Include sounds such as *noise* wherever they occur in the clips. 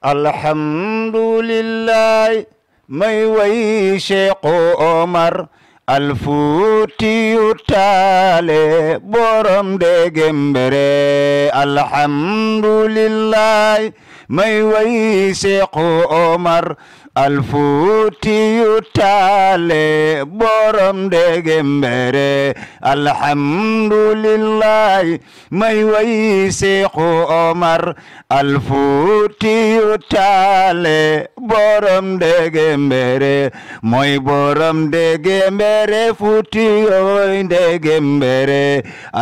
alhamdulillahi may way Cheikhu Omar alfuutiyu taale borom degem bere alhamdulillahi may way Cheikhu Omar alfuutiyu taale borom dege mbere alhamdulillahi may way seexu omar alfuutiyu taale borom dege mbere mooy borom dege mbere fuutiyoy dege mbere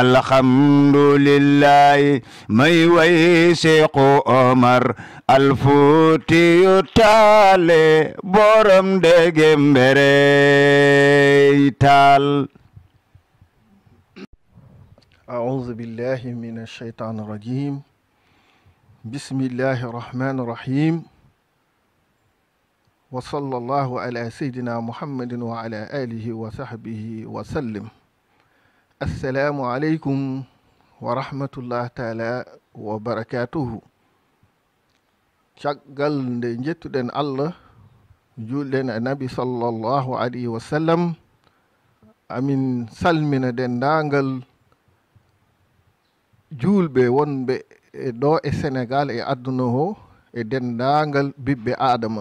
alhamdulillahi may way seexu omar alfuutiyu taale borom dege mbere taal أعوذ بالله من الشيطان الرجيم بسم الله الرحمن الرحيم وصلى الله على سيدنا محمد وعلى آله وصحبه وسلم السلام عليكم ورحمة الله تعالى وبركاته caggal nde jettuɗen allah julɗen annabi sallllahu alayhi wa amin salmina dendagal julɓe wonɓe e ɗo e sénégal e adduna o e dendagal biɓɓe adama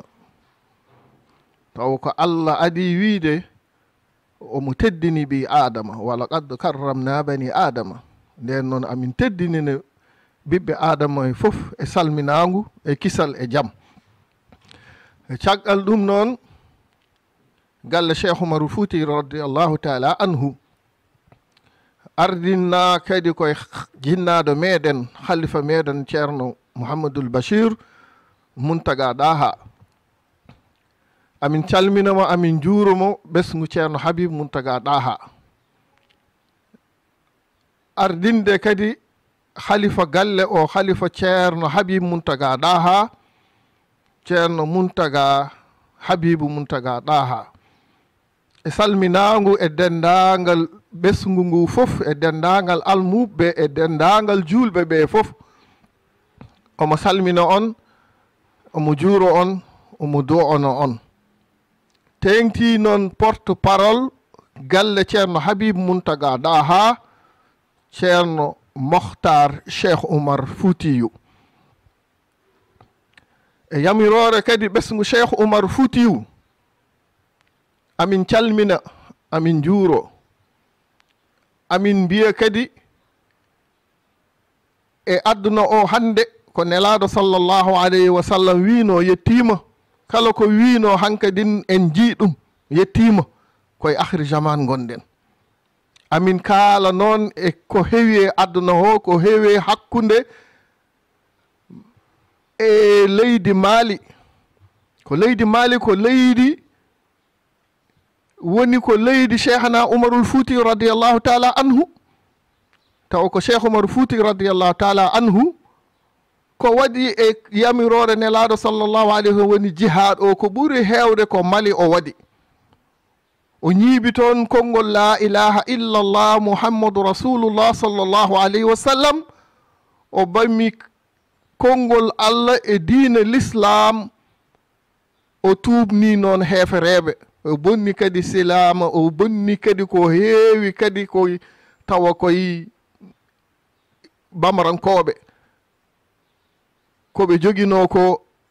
taw ko allah adi wiide omo teddini ɓi adama wala qad karramna bani adama nden noon amin teddinina ɓiɓɓe adama e fof e salminagu e kisal e jaam caggal ɗum noon galle cheikh oumaru fouti radiallahu taala anhu ardinna kadi koye jinnaɗo meɗen halifa meɗen ceerno mouhamadoul bachir muntaga ɗaha amin calminamo amin juuromo ɓesgu ceerno habib muntaga ɗaha ardinde kadi halifa galle o halifa ceerno habib muntaga ɗaha ceerno muntaga habibu muntaga ɗaha e salminagu e dendagal ɓesgu ngu fof e dendagal almuɓɓe e dendagal julɓe ɓe fof omo salmina on omo juuro on omo do on tengti noon porte parole galle ceerno habibu muntaga ɗaha ceerno mohtar cheikh oumar foutiyou e yamiroore kadi ɓesngu cheikh oumar foutiw amin calmina amin juuro amin mbiya kadi e adduna o hannde ko nelaaɗo sallllahu alayhi wa sallam wiino kala ko wiino hankadin en jii ɗum yettiima koye ahri jaman gonɗen amin kaala noon e ko heewi e adduna o ko heewi hakkunde e leydi maali ko leydi maali ko leydi woni ko leydi cheikhna oumarul fouti radiallahu taala anhu taw ko cheikh oumaru fouti radiallahu taala anhu ko waɗi e yamirore nelaɗo sallllahu alayhi woni jihad o ko ɓuuri hewde ko mali o waɗi o ñiibi toon konngol la ilaha illallah mouhammadu rasulullah sallllahu alayhi wa o bammi konngol allah e diina l'islam o tuubni noon heefereeɓe o bonni kadi silama o bonni kadi ko heewi kadi ko tawa koye bamarankoɓe koɓe joguino ko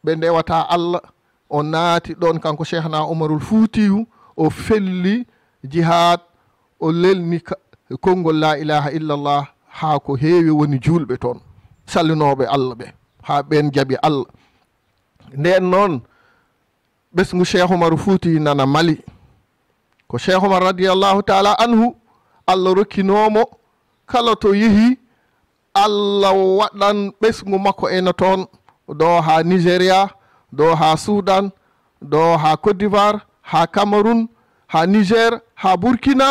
ɓe ndewata allah o naati ɗon kanko cheikhna oumarul fuutiyu o felli jihad o lelni konngol la ilaha illallah haa ko heewi woni juulɓe toon sallinoɓe allah ɓe ha ɓen jaaɓi allah nden noon ɓesgu cheikh oumaru fouti nana mali ko cheikh oumar radiallahu taala anhu allah rokkinomo kala to yeehi allah waɗan ɓesgu makko ena toon ɗo ha nigéria ɗo ha soudan ɗo ha côte d'ivoire ha cameron niger ha burkina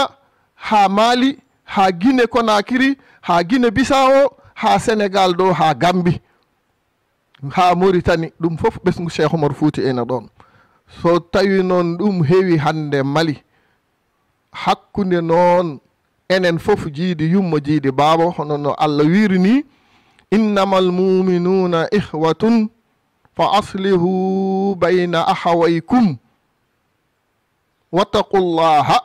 ha mali ha guine konakiri ha guine bisa o ha sénégal ɗo gambi ha maritani ɗum fof ɓesgu cheikh oumar fouti ene ɗon so tawi noon ɗum heewi hannde mali hakkunde noon enen fof jiidi yummo jiidi baaba hono no allah wiiri ni innama almuminuna ihwatun fa aslihu bayna ahawaykum wattaqu llaha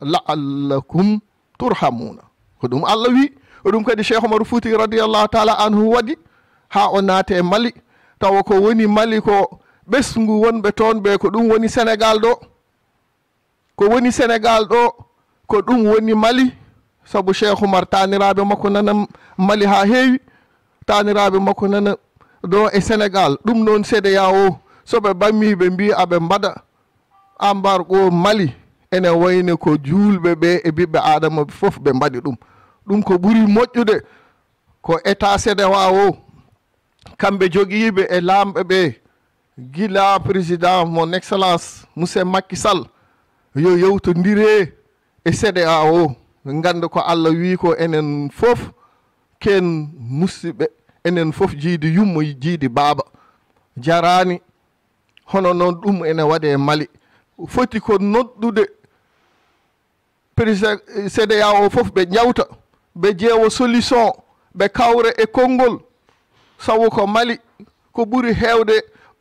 laallakum turhamuna ko ɗum allah wi oɗum kadi cheikh oumar fouti radiallahu taala anhu waɗi ha o naate e mali tawa ko woni mali ko ɓesgu wonɓe toon ɓe ko ɗum woni sénégal ɗo ko woni sénégal ɗo ko ɗum woni mali saabu cheikh oumar taniraɓe makko nana mali ha heewi taniraɓe makko nana ɗo e sénégal ɗum noon sédéya o soɓe ɓammi ɓe mbi aɓe mbaɗa embargo mali ene wayne ko juulɓe ɓe e ɓiɓɓe adama ɓe fof ɓe mbaɗi ɗum ɗum ko ɓuri moƴƴude ko état sédéwa kamɓe jogiiɓe e laamɓe ɓe gila président mon excellence monsieur makky sall yo yewtondire e cda o ko allah wi ko enen fof ken musidɓe enen fof jiidi yummo jiidi baaba jarani hono noon ɗum ene waɗe e mali foti ko noɗɗude cda o fof ɓe jawta ɓe ƴeewa solution ɓe kawra e konngol sabu ko mali ko ɓuri heewde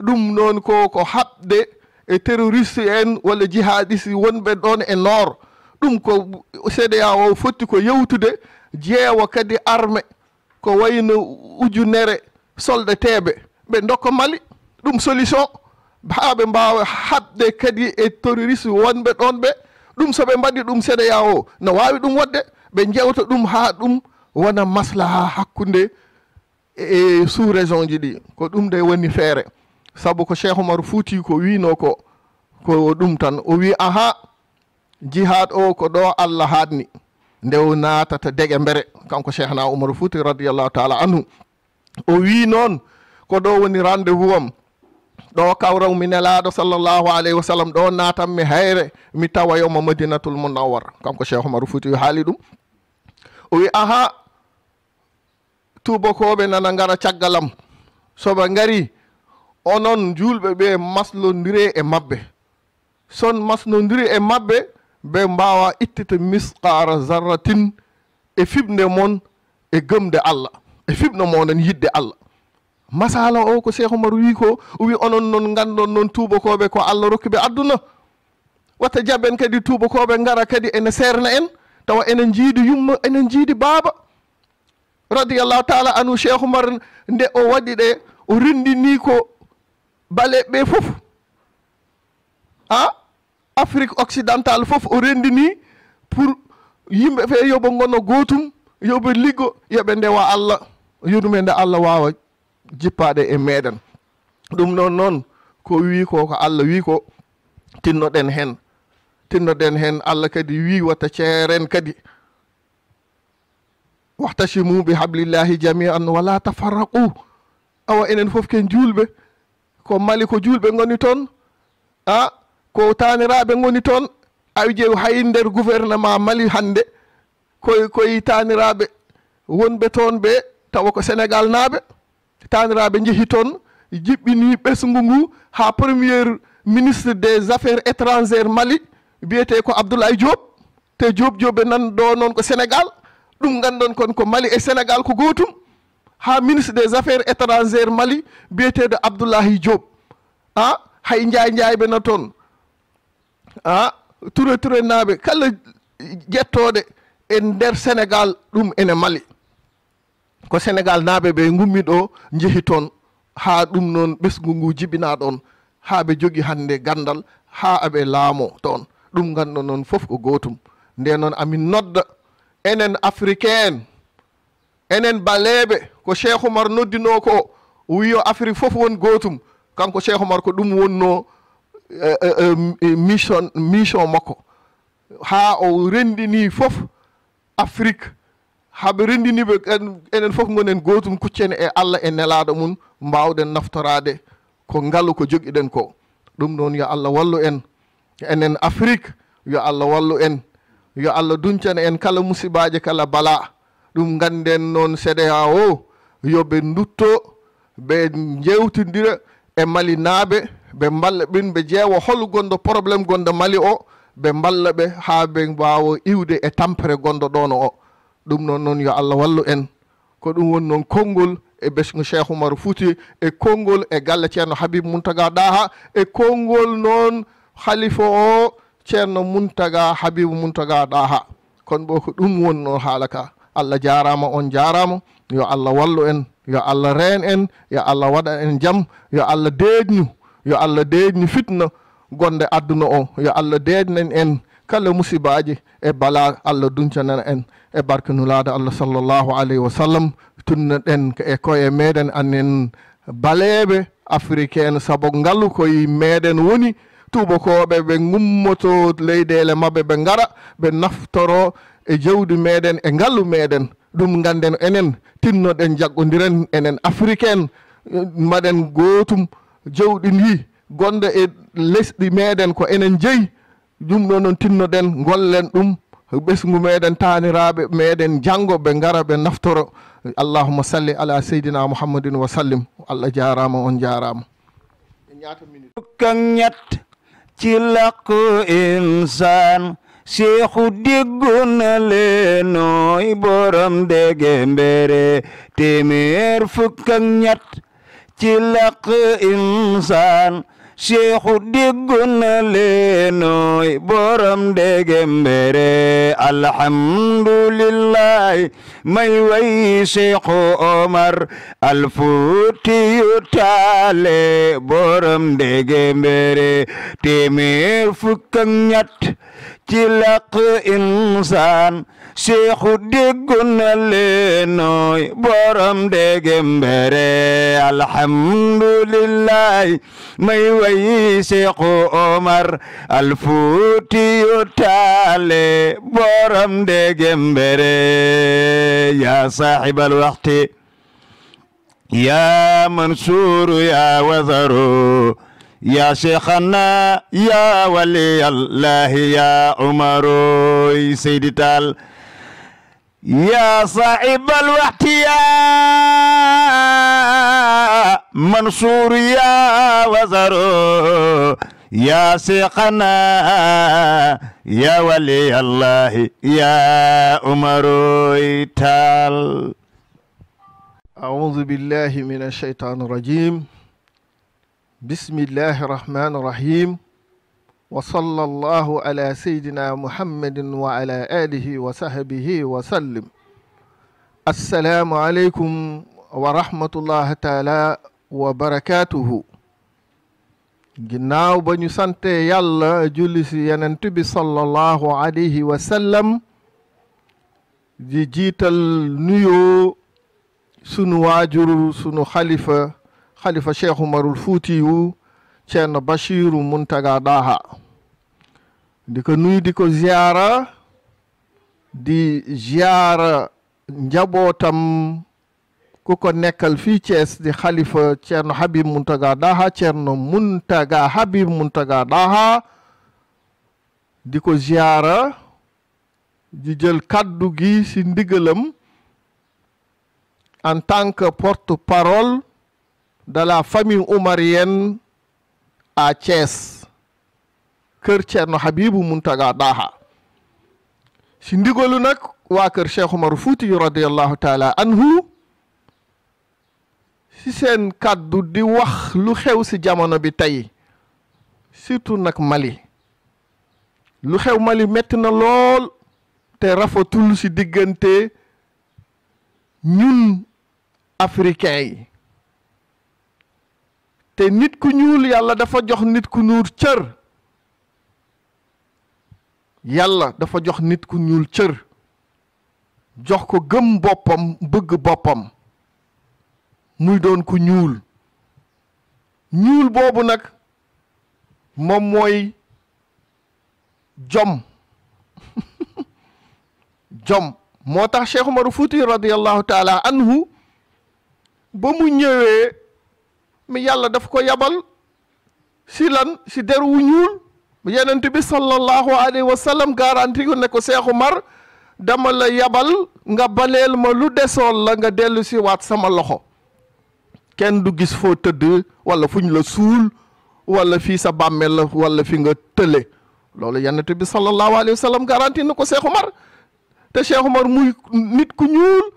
ɗum noon ko ko haɓde e terroriste en walla jihadiste wonɓe ɗon e nord ɗum ko cda e fotti ko yewtude jeewa kadi armé ko wayno ujunere soldateɓe ɓe dokka mali ɗum solution ha ɓe mbawa haɓde kadi e terroriste wonɓe ɗon ɓe ɗum soɓe mbaɗi ɗum cda e no wawi ɗum wadde ɓe jewta ɗum ha ɗum wona maslaha hakkude e, e sous région ji ɗi ko ɗum de woni feere sabu ko cheikh oumaru fouti ko wino ko ɗum tan o wi aha jihad o ko ɗo allah haatni nde o naatata dege mbere kanko cheikhna oumaru fouti radiallahu taala anhu o wi noon ko ɗo woni rendez-vous am ɗo kawraw mi nelaɗo sallllahu alayhi wa sallam ɗo naatan mi hayre mi tawayomo madinatul munawwar kanko cheikh oumaru fouti haali ɗum o wi aha tubakooɓe nana ngara caggalam soɓe ngari onon julɓe ɓe maslodiri e maɓɓe son masnodiri e maɓɓe ɓe mbawa ittita misqara zarratin e fiɓde moon e gëmde allah e fiɓno moɗon yidde allah masala o ko cheikh oumar wi o wi onon noon gandon noon tubakoɓe ko allah rokki ɓe adduna watta jaɓen kadi tubakoɓe gara kadi ene serna en tawa enen jiidi baaba radiallahu taala anu cheikh oumar nde o waɗi ɗe o renndini ko bale ɓe fof a afrique occidentale fof o renndini pour yimɓe ɓe yoɓe gonno gootum yoɓe liggo yoɓe ndewa allah yoɗumen nde allah wawa jippade e meɗen ɗum ɗon ko wi ko allah wi ko tinnoɗen hen tinnoɗen hen allah kadi wi watta ceeren kadi wahtasimu bi hablillahi jamian wala tafarraqu awa enen fof julɓe ko mali ko julɓe goni toon a ko taniraɓe goni toon awi jeewi nder gouvernement mali hannde koye koye taniraɓe wonɓe toon ɓe tawa ko sénégal naaɓe taniraɓe jeehi toon jiɓɓini ɓesgu ngu premier ministre des affaires étrangére mali wiyete ko abdoulaye diop te diop diop ɓe ko sénégal ɗum gandan kon ko mali e sénégal ko gotum ha ministre des affaires étrangére mali biyeteɗo abdoullahi diob a hay jaay jayɓe na toon a touré touré naɓe kala jettoɗe e nder sénégal ɗum ene mali ko sénégal naaɓe ɓe gummi ɗo jehi toon haa ɗum noon ɓesgu ngu ɗon haa ɓe jogi hannde ganndal haa aɓe laamoo toon ɗum nganndo fof ko gootum nde amin nodda enen africain en enen baleɓe ko cheikh oumar noddino ko wiyo fof won gotum kanko cheikh oumar ko ɗum wonno eh, eh, eh, mission makko ha o rendini fof afrique haɓe rendiniɓe enen fof gonen gotum kuccen e allah e nelaɗo mum mbawɗen naftorade ko ngaalu ko joguiɗen ko ɗum noon yo allah wallu en enen afrique yo allah wallu en yo allah duncana en kala musibaji kala bala ɗum ganden noon sédéa o yoɓe dutto ɓe jewtidira e mali naaɓe ɓe mballa ɓe haa ɓe mbawa iwde e tampere gonɗo ɗon o ɗum noon yo allah wallu en ko ɗum woni noon konngol e besgo cheikh oumar e konngol e galle ceerno habib mountaga ɗaha e konngol noon halifa o ceerno muntaga habibu muntaga ɗaha kono bo ko ɗum wonno haala ka allah jarama on jarama yo allah wallu en yo allah reen en yo allah waɗa en jaam yo allah deeƴnu yo fitna gonde adduna o yo allah deeƴnen en kala musibaji e bala allah duncanana en e barka nulaada allah sallllahu alayhi wa sallam tunnaɗen e koye meɗen anen baleɓe africaine saabu ngaalu koye meɗen woni tuubakoɓe ɓe gummoto leyɗele mabɓe ɓe gara ɓe naftoro e jawdi meɗen e ngaalu meɗen ɗum ganden enen tinnoɗen jaggodiren enen afrique en eh, mbaɗen gootum jawɗi ndi gonɗo e lesɗi meɗen ko enen jeeyi ɗum ɗo noon tinnoɗen gollen ɗum ɓesgu meɗen taniraɓe meɗen janggo ɓe gara ɓe naftoro allahuma salli ala seydina mouhammadin wa allah jarama on jarama ci làkku insaan seexu diggu na leen nooy borom dege mbere téeméer fukk ak ñett ci làkku insaan Seexu diggu na leenooy borom degembere alhamdulillahi may way Seexu Omar alfuutiyu taale borom degembere téeméer fukk ak ñett ci laq insaan seexu déggu na leenooy borom dégem bere alhamdulillahi may wayi seexu omar alfuuti yu taale borom dégem bere yaa saaxibal waxti yaa mansuuru yaa wazaru yaa seexana yaa waliyallaahi yaa umaroy seydi taal yaa saaxibal waxti yaa mansuur yaa wasaro yaa seexana yaa waliyallahi yaa umaroy taal. acuudu billahi mina shaytaani rajiim bismillahi rahmaani rahiim. wa sallallahu ala sayyidina muhammadin wa ala wa sahbihi wa sallim assalaamu wa rahmatullahi taala wa barakaatuhu ginnaaw ba ñu sante yàlla juli si yenent bi sallallahu alayhi wa sallam di jiital nuyoo sunu waajur sunu xalifa xalifa cheikh umarul fuutiyu Ceerno Bachiru Muntaga Daha di ko nuyu ziyaara di ziyaara njabootam ku ko nekkal fii Thiès di xalifa Ceerno Habib Muntaga Daha Ceerno Muntaga Habib Muntaga Daha di ko ziyaara di jël kàddu gi ci ndigalam en tant que porte-parole de la famille à Thiès kër Thierno Habibou Mountaga Daha si ndigalu nag waa kër Cheikh Umar Fuuti radiallahu taala anhu si seen kàddu di wax lu xew si jamono bi tey surtout nag Mali lu xew Mali metti na lool te rafatul si diggante ñun africain yi te nit ku ñuul yàlla dafa jox nit ku ñuul cër yàlla dafa jox nit ku ñuul cër jox ko gëm boppam bëgg boppam muy doon ku ñuul ñuul boobu nag moom mooy jom *laughs* jom moo tax Cheikh Umaru Fuuti radiyallahu taala anhu ba mu ñëwee mi yàlla def ko yabal si lan si der wu ñuul yenent bi sallallahu alayhi wa sallam garanti ne ko seexu mar dama la yabal nga baleel ma lu desoon la nga dellu si waat sama loxo kenn du gis foo tëdd wala fuñ la suul wala fii sa bàmmeel la wala fi nga tële loolu yenent bi sallallahu alayhi wa sallam garanti na ko Seex Umar te Seex Umar muy nit ku ñuul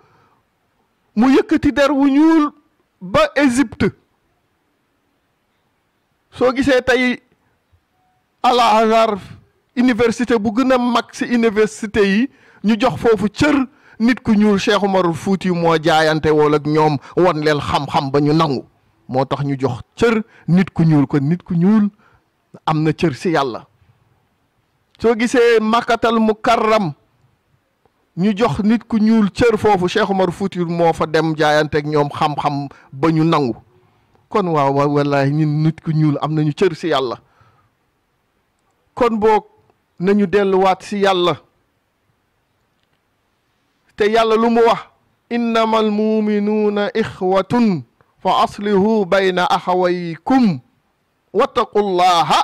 mu yëkkati der wu ñuul ba Égypte soo gisee tey al Azhar université bu gën a mag si université yi ñu jox foofu cër nit ku ñuul Cheikh Umarul Fuuti moo jaayante woon ak ñoom won leen xam-xam ba ñu nangu moo tax ñu jox cër nit ku ñuul kon nit ku ñuul am na cër si yàlla soo gisee màkkatal mu karram ñu jox nit ku ñuul cër foofu Cheikh Umar Fuuti moo fa dem jaayante ak ñoom xam-xam ba ñu nangu kon waaw waaw wallaahi ñun nit ku ñuul am nañu cër si yàlla kon boog nañu delluwaat si yàlla te yàlla lu mu wax innama almuminuuna ixwatun fa aslihu bayna axawaykum wattaqullaha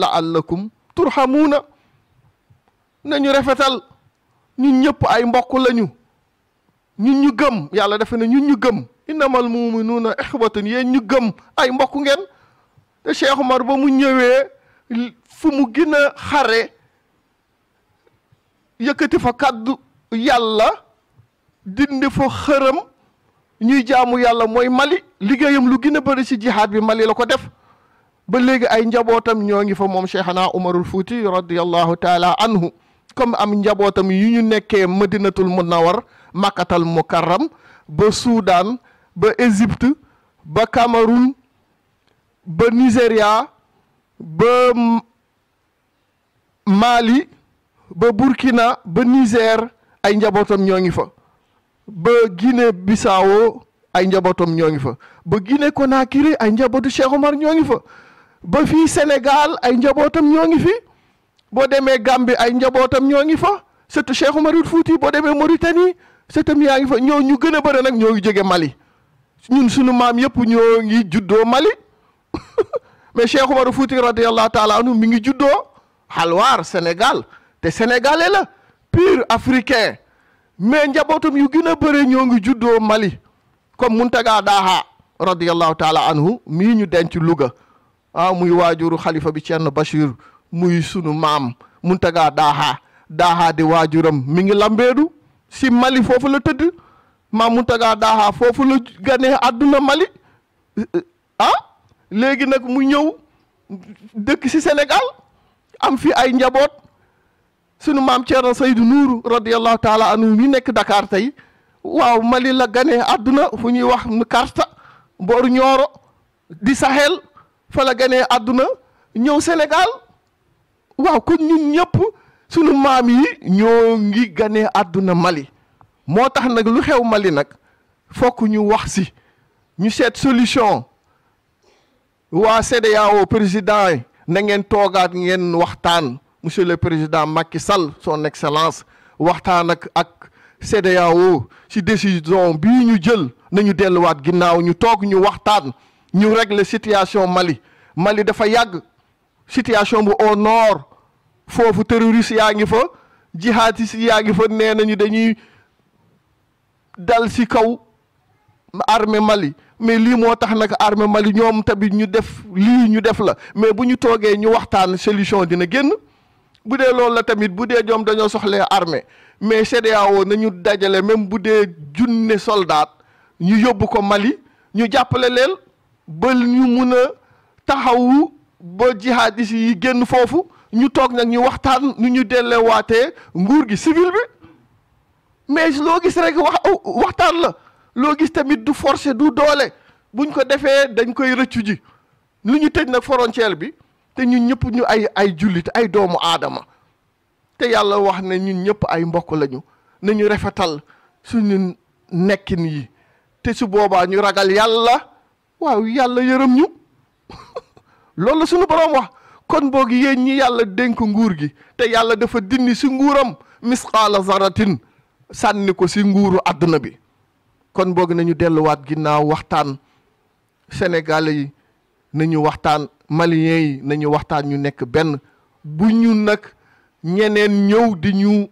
laallakum turhamuuna nañu rafetal ñun ñëpp ay mbokk lañu ñun ñu gëm yàlla dafa na ñun ñu gëm innamal muminuuna ixwatun yéen ñu gëm ay mbokk ngeen te Cheikh ba mu ñëwee fu mu gën xare yëkkati fa kàddu yàlla dindi fa xërëm ñuy jaamu yàlla mooy Mali liggéeyam lu gën a bëri ci jihaad bi Mali la ko def ba léegi ay njabootam ñoo ngi fa moom Cheikhana Umarul Fuuti radiyallahu taala anhu comme am njabootam yu ñu nekkee madinatul munawar makkatal mukarram ba Suudaan ba Égypte ba Cameroun ba Nigéria ba Mali ba Burkina ba Niger ay njabootam ñoo ngi fa ba Guinée Bissau ay njabootam ñoo ngi fa ba Guinée Conakry ay njabootu Cheikh Omar ñoo ngi fa ba fii Sénégal ay njabootam ñoo ngi fi boo demee Gambie ay njabootam ñoo ngi fa surtout Cheikh Omarul fuuti boo demee Mauritanie sëtam yaa ngi fa ñoo ñu gën a bëri nag ñoo jóge Mali ñun suñu maam yëpp ñoo ngi juddoo Mali *laughs* mais Cheikh Oumar Fouti radiyallahu taala anhu mi ngi juddoo Halwaar Sénégal te sénégalais la pur africain mais njabootam yu gën a bëre ñoo ngi juddoo Mali comme Muntaga Daha radiyallahu taala anhu mii ñu denc Louga a ah, muy waajuru xalifa bi Thierno Bachir muy sunu maam Muntaga Daha Daha di waajuram mi ngi lambeedu si Mali foofu la tëdd maam Mountaga Daha foofu la ganee àdduna Mali ah léegi nag mu ñëw dëkk ci senegaal am fi ay njaboot sunu maam Thierno Seydou Nourou radiyallahu taala anhu mi nekk Dakar tey waaw Mali la ganee àdduna fu ñuy wax Karta boor Nioro di Sahel fa la ganee àdduna ñëw Sénégal waaw kon ñun ñëpp sunu maam yi ñoo ngi ganee àdduna Mali moo tax nag lu xew Mali nag fokk ñu wax si ñu seet solution waa CEDEAO président yi na ngeen toogaat ngeen waxtaan monsieur le président Macky Sall son excellence waxtaan ak ak CEDEAO si décision bii ñu jël nañu delluwaat ginnaaw ñu toog ñu waxtaan ñu régler situation Mali Mali dafa yàgg situation bu au nord foofu terroriste yaa ngi fa jihadiste yaa ngi fa nee nañu dañuy dal ci kaw armée Mali mais lii moo tax nag armée Mali ñoom tamit ñu def lii ñu def la mais bu ñu toogee ñu waxtaan solution dina génn bu dee loolu la tamit bu dee ñoom dañoo soxlee armée mais CEDEAO nañu dajale même bu dee junne soldat ñu yóbbu ko Mali ñu jàppale leen ba ñu mun a taxawu ba jihadis yi génn foofu ñu toog nag ñu waxtaan nu ñu dellewaatee nguur gi civil bi mais loo gis rek wax waxtaan la loo gis tamit du forcé du doole buñ ko defee dañ koy rëccu ji lu ñu tëj nag frontière bi te ñu ñëpp ñu ay ay jullit ay doomu aadama te yàlla wax ne ñun ñëpp ay mbokk lañu nañu rafetal suñu nekkin yi te su boobaa ñu ragal yàlla waaw yàlla yërëm ñu *laughs* loolu la suñu boroom wax kon boog yéen ñi yàlla dénk nguur gi te yàlla dafa dindi si nguuram mis misqaala zaratin sànni ko si nguuru àdduna bi kon boog nañu delluwaat ginnaaw waxtaan sénégalais yi nañu waxtaan maliyen yi nañu waxtaan ñu nekk benn bu ñu nag ñeneen ñëw di ñu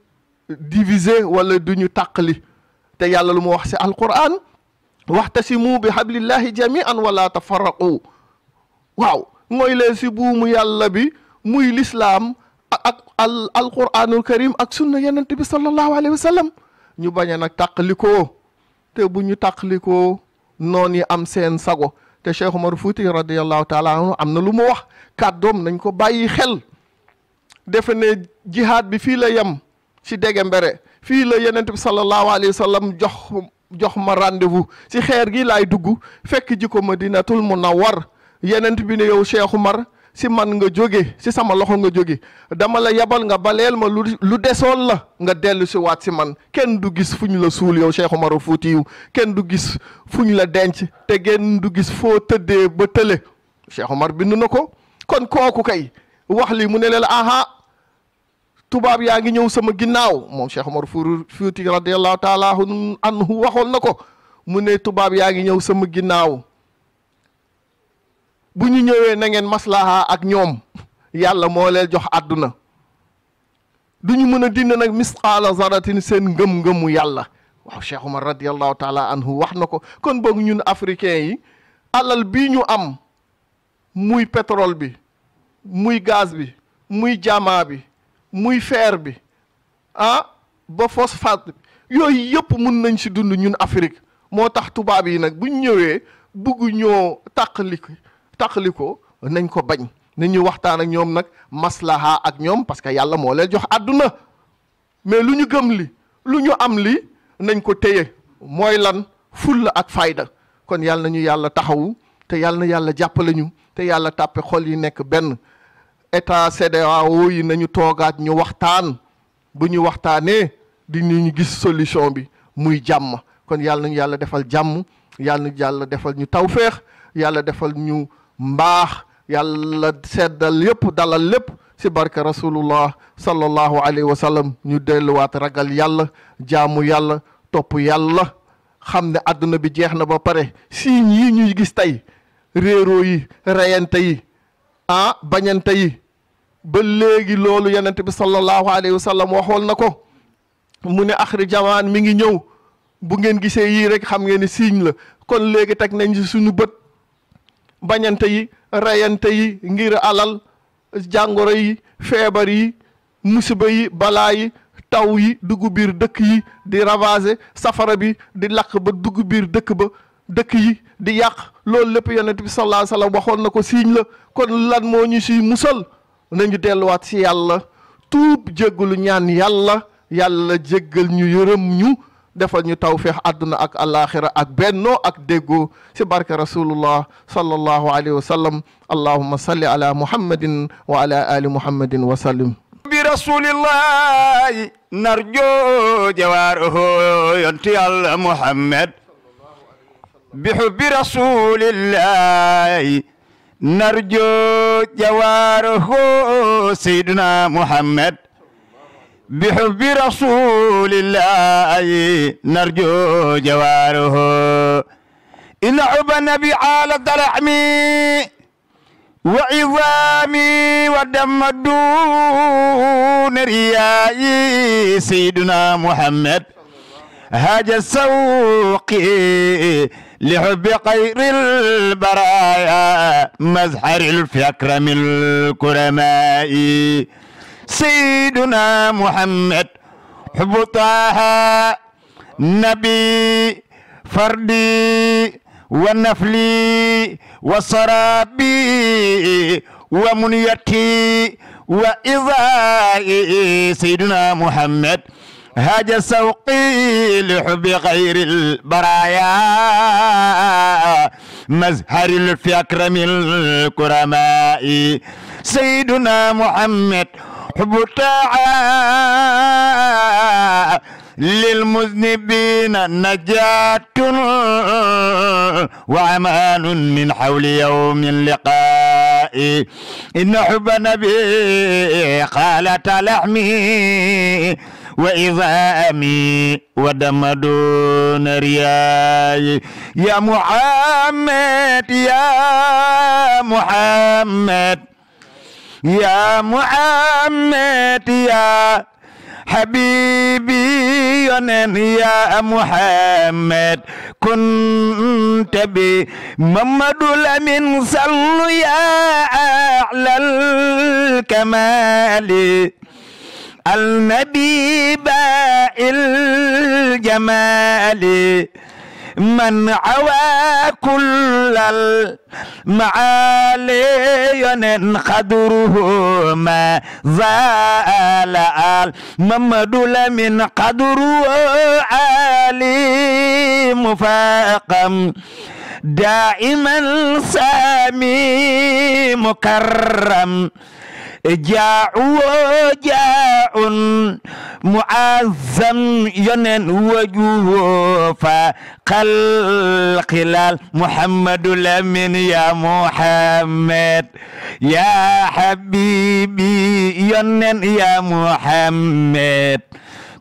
divise walla di ñu tàqali te yàlla lu mu wax si si waxtasimu bi hablillahi jamian wala tafarraqu waaw mooy si buumu yàlla bi muy lislaam ak al alquranul karim ak sunna yonent bi sallallahu alayhi wa ñu bañ a nag tàqalikoo te bu ñu tàqalikoo noon yi am seen sago te Cheikh Omar radiallahu taala am na lu mu wax doom nañ ko bàyyi xel defe ne jihaad bi fii la yem ci dege mbere fii la yenent bi sallallahu alayhi wa sallam jox jox ma rendez-vous ci xeer gi laay dugg fekk ji ko madinatul war yenent bi ne yow Cheikh Omar si man nga jóge si sama loxo nga jóge dama la yabal nga baleel ma lu lu desoon la nga dellu si waat si man kenn du gis fu ñu la suul yow Cheikh Oumar Foutiyou kenn du gis fu ñu la denc te kenn du gis foo tëddee ba tële Cheikh mar bind na ko kon kooku kay wax lii mu ne leen aha tubaab yaa ngi ñëw sama ginnaaw moom Cheikh Oumar Foutiyou radiyallahu taala anhu waxoon na ko mu ne tubaab yaa ngi ñëw sama ginnaaw bu ñu ñëwee na ngeen maslaha ak ñoom yàlla moo leen jox àdduna du ñu mën a dind nag misqaala zaratin seen ngëm-ngëmu yàlla waaw Cheikh Omar radiallahu taala anhu wax na ko kon boog ñun africains yi alal bii ñu am muy pétrole bi muy gaz bi muy jamaa bi muy fer bi ah ba phosphate yooyu yëpp mun nañ si dund ñun Afrique moo tax tubaab yi nag bu ñu ñëwee bugg ñoo tàqali tàqali ko nañ ko bañ nañu waxtaan ak ñoom nag maslaha ak ñoom parce que yàlla moo leen jox àdduna mais lu ñu gëm li lu ñu am li nañ ko téye mooy lan fulla ak fayda kon yàlla nañu yàlla taxawu te yàlla na yàlla jàppale ñu te yàlla tàppe xol yi nekk benn état CEDEAO yi nañu toogaat ñu waxtaan bu ñu waxtaanee di ñu gis solution bi muy jàmm kon yàlla nañu yàlla defal jàmm yàlla nañu yàlla defal ñu tawféex yàlla defal ñu mbaax yàlla seddal yépp dalal lépp si barke rasulullah sallallahu alayhi wa sallam ñu delluwaat ragal yàlla jaamu yàlla topp yàlla xam ne àdduna bi jeex na ba pare signes yi ñuy gis tey réeroo yi reyante yi ah bañante yi ba léegi loolu yonent bi sallallahu alayhi wa sallam waxoon na ko mu ne axri jamaan mi ngi ñëw bu ngeen gisee yii rek xam ngeen ni signe la kon léegi teg nañ ci suñu bët bañante yi reyante yi ngir alal jàngoro yi feebar yi musiba yi balaa yi taw yi dugg biir dëkk yi di ravager safara bi di lakk ba dugg biir dëkk ba dëkk yi di yàq loolu lépp yonent bi sallallahu alayhi waxoon na ko siiñ la kon lan moo ñu siy musal nañu delluwaat si yàlla tuub jéggalu ñaan yàlla yàlla jéggal ñu yërëm ñu defal ñu tawféex àdduna ak alaaxira ak bennoo ak déggoo ci barke rasulullah sallallahu alayhi wa sallam allahumma salli ala muhammadin wa ala ali muhammadin wa sallim bi rasulillahi narjo jawaaraho yonti yàlla muhammad bi hubbi rasulillahi narjo jawaaraho sayyidina muhammad بحب رسول الله نرجو جواره إن حب النبي على الدرعم وعظام ودم دون رياء سيدنا محمد هاج السوق لحب خير البرايا مزحر الفكر من الكرماء سيدنا محمد حب طه نبي فردي ونفلي وسرابي ومنيتي وإضائي سيدنا محمد هاج سوقي لحب غير البرايا مزهر الفكر من الكرماء سيدنا محمد حب الطاعة للمذنبين نجاة وأمان من حول يوم اللقاء إن حب نبي قالت لحمي وإذا أمي ودم دون رياي يا محمد يا محمد يا محمد يا حبيبي يا محمد كنت بمحمد الأمين صل يا أعلى الكمال النبي بائل الجمال من عوى كل المعالي قدره ما زال ممد لمن قدره عالي مفاقم دائما سامي مكرم jaacu woo jaacun muazzam yonen wajuwoo fa xalqilaal muhammadu lamin ya muhammad ya habibi yonen ya muhammad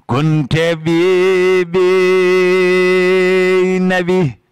kunte bibi nabi